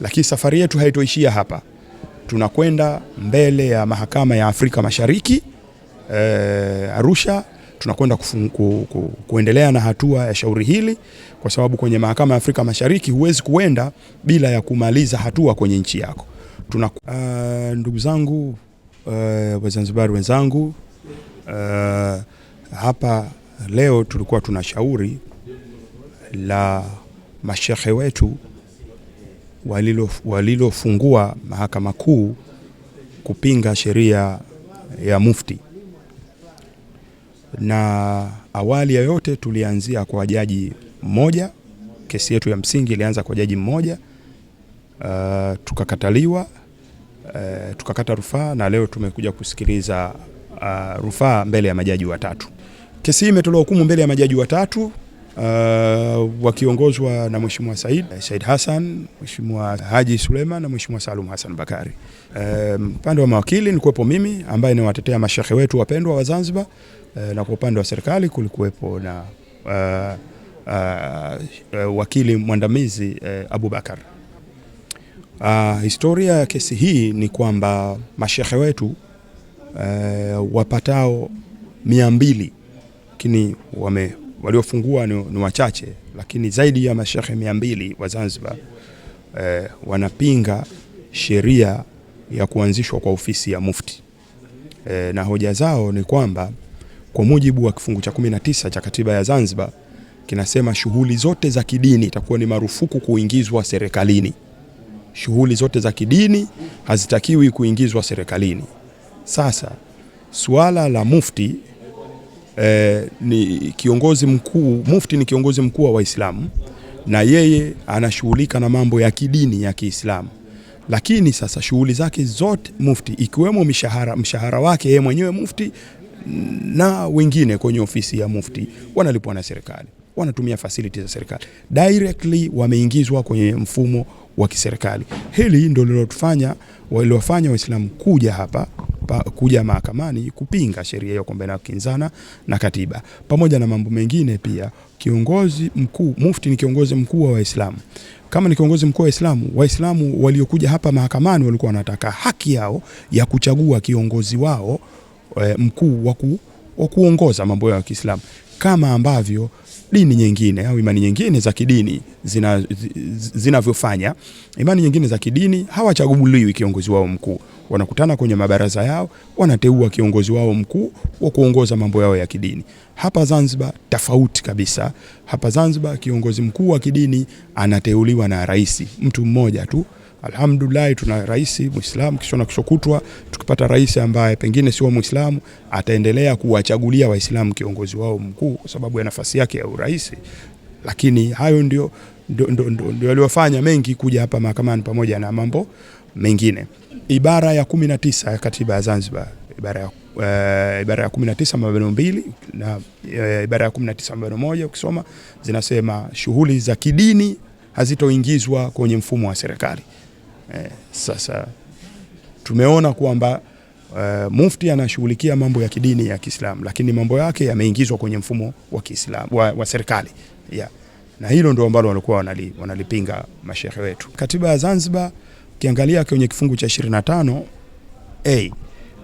Lakini safari yetu haitoishia hapa, tunakwenda mbele ya mahakama ya Afrika Mashariki e, Arusha. Tunakwenda ku, ku, kuendelea na hatua ya shauri hili, kwa sababu kwenye mahakama ya Afrika Mashariki huwezi kuenda bila ya kumaliza hatua kwenye nchi yako. Tuna uh, ndugu zangu uh, Wazanzibari wenzangu uh, hapa leo tulikuwa tuna shauri la mashehe wetu walilofungua mahakama kuu kupinga sheria ya mufti. Na awali ya yote tulianzia kwa jaji mmoja, kesi yetu ya msingi ilianza kwa jaji mmoja uh, tukakataliwa uh, tukakata rufaa na leo tumekuja kusikiliza uh, rufaa mbele ya majaji watatu. Kesi hii imetolewa hukumu mbele ya majaji watatu uh, wakiongozwa na Mheshimiwa Said eh, Said Hassan, Mheshimiwa Haji Suleiman na Mheshimiwa Salum Hassan Bakari. Um, upande um, wa mawakili ni kuwepo mimi ambaye niwatetea mashehe wetu wapendwa wa Zanzibar, uh, na kwa upande wa serikali kulikuwepo na uh, uh, uh, wakili mwandamizi uh, Abubakar. Uh, historia ya kesi hii ni kwamba mashehe wetu uh, wapatao mia mbili lakini wame waliofungua ni, ni wachache, lakini zaidi ya mashehe mia mbili wa Zanzibar eh, wanapinga sheria ya kuanzishwa kwa ofisi ya mufti eh, na hoja zao ni kwamba kwa mujibu wa kifungu cha 19 cha katiba ya Zanzibar kinasema shughuli zote za kidini itakuwa ni marufuku kuingizwa serikalini. Shughuli zote za kidini hazitakiwi kuingizwa serikalini. Sasa suala la mufti eh, ni kiongozi mkuu, mufti ni kiongozi mkuu wa Waislamu na yeye anashughulika na mambo ya kidini ya Kiislamu, lakini sasa shughuli zake zote mufti, ikiwemo mshahara, mshahara wake yeye mwenyewe mufti na wengine kwenye ofisi ya mufti wanalipwa na serikali, wanatumia facility za serikali directly, wameingizwa kwenye mfumo wa kiserikali. Hili ndio lilotufanya waliofanya Waislamu kuja hapa pa, kuja mahakamani kupinga sheria hiyo kwamba inakinzana na katiba. Pamoja na mambo mengine pia, kiongozi mkuu mufti ni kiongozi mkuu wa Waislamu. Kama ni kiongozi mkuu wa Waislamu, Waislamu waliokuja hapa mahakamani walikuwa wanataka haki yao ya kuchagua kiongozi wao e, mkuu waku, wa kuongoza mambo yao ya Kiislamu kama ambavyo dini nyingine au imani nyingine za kidini zinavyofanya zina, imani nyingine za kidini hawachaguliwi kiongozi wao mkuu wanakutana kwenye mabaraza yao, wanateua kiongozi wao mkuu wa kuongoza mambo yao ya kidini. Hapa Zanzibar tofauti kabisa. Hapa Zanzibar kiongozi mkuu wa kidini anateuliwa na rais, mtu mmoja tu. Alhamdulillah, tuna rais Muislamu, kisha na kishokutwa tukipata rais ambaye pengine sio Muislamu, ataendelea kuwachagulia Waislamu kiongozi wao mkuu kwa sababu ya nafasi yake ya urais. Lakini hayo ndio ndio yaliyofanya mengi kuja hapa mahakamani pamoja na mambo mengine. Ibara ya kumi na tisa ya katiba ya Zanzibar, ibara ya Uh, ibara ya kumi na mabano mbili na uh, ibara ya 19 mabano moja ukisoma zinasema shughuli za kidini hazitoingizwa kwenye mfumo wa serikali. Eh, sasa tumeona kwamba uh, mufti anashughulikia mambo ya kidini ya Kiislamu, lakini mambo yake yameingizwa kwenye mfumo wa Kiislamu wa, wa serikali yeah. Na hilo ndio ambalo walikuwa wanali, wanalipinga mashehe wetu. Katiba ya Zanzibar Ukiangalia kwenye kifungu cha 25 a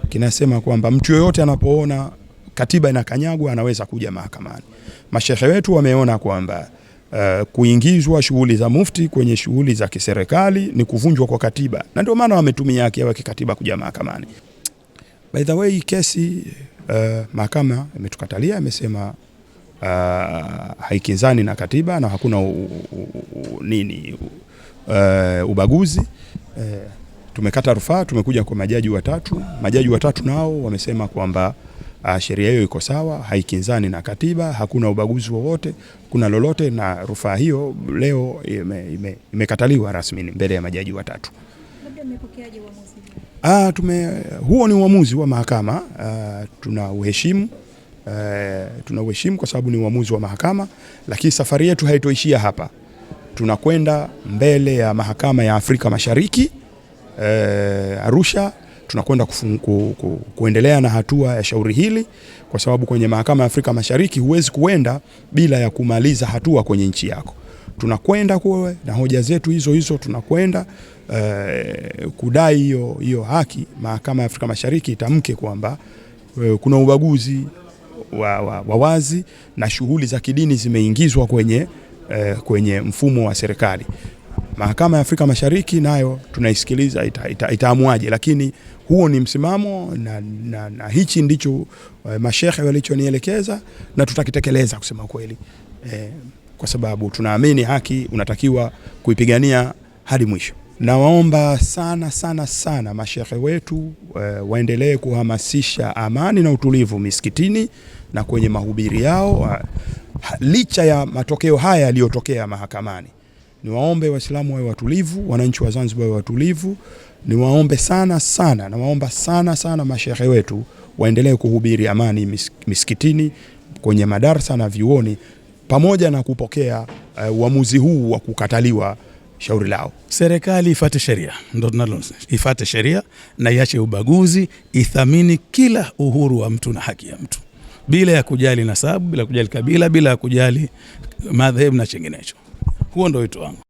kinasema kwamba mtu yoyote anapoona katiba inakanyagwa anaweza kuja mahakamani. Mashehe wetu wameona kwamba uh, kuingizwa shughuli za mufti kwenye shughuli za kiserikali ni kuvunjwa kwa katiba, na ndio maana wametumia haki yao ya kikatiba kuja mahakamani. By the way, kesi uh, mahakama imetukatalia, imesema uh, haikinzani na katiba na hakuna u, u, u, nini u, uh, ubaguzi Eh, tumekata rufaa, tumekuja kwa majaji watatu. Majaji watatu nao wamesema kwamba ah, sheria hiyo iko sawa, haikinzani na katiba, hakuna ubaguzi wowote, kuna lolote, na rufaa hiyo leo imekataliwa ime, ime rasmi mbele ya majaji watatu. Ah, tume, huo ni uamuzi wa mahakama ah, tunauheshimu ah, eh, tunauheshimu kwa sababu ni uamuzi wa mahakama, lakini safari yetu haitoishia hapa tunakwenda mbele ya mahakama ya Afrika Mashariki e, Arusha tunakwenda ku, ku, kuendelea na hatua ya shauri hili kwa sababu kwenye mahakama ya Afrika Mashariki huwezi kuenda bila ya kumaliza hatua kwenye nchi yako. Tunakwenda kule na hoja zetu hizo hizo, tunakwenda e, kudai hiyo hiyo haki. Mahakama ya Afrika Mashariki itamke kwamba e, kuna ubaguzi wa, wa, wa wazi na shughuli za kidini zimeingizwa kwenye eh, kwenye mfumo wa serikali. Mahakama ya Afrika Mashariki nayo tunaisikiliza itaamuaje, ita, ita lakini huo ni msimamo na, na, na hichi ndicho eh, mashehe walichonielekeza na tutakitekeleza kusema kweli eh, kwa sababu tunaamini haki unatakiwa kuipigania hadi mwisho. Nawaomba sana sana sana mashehe wetu e, waendelee kuhamasisha amani na utulivu misikitini na kwenye mahubiri yao licha ya matokeo haya yaliyotokea mahakamani, niwaombe Waislamu wawe watulivu, wananchi wa Zanzibar wawe watulivu. Niwaombe sana sana, nawaomba sana sana mashehe wetu waendelee kuhubiri amani mis, misikitini, kwenye madarsa na vyuoni, pamoja na kupokea eh, uamuzi uh, huu wa kukataliwa shauri lao. Serikali ifate sheria, ndo tunalosema ifate sheria na iache ubaguzi, ithamini kila uhuru wa mtu na haki ya mtu bila ya kujali nasabu, bila kujali kabila, bila ya kujali madhehebu na chenginecho. Huo ndio wito wangu.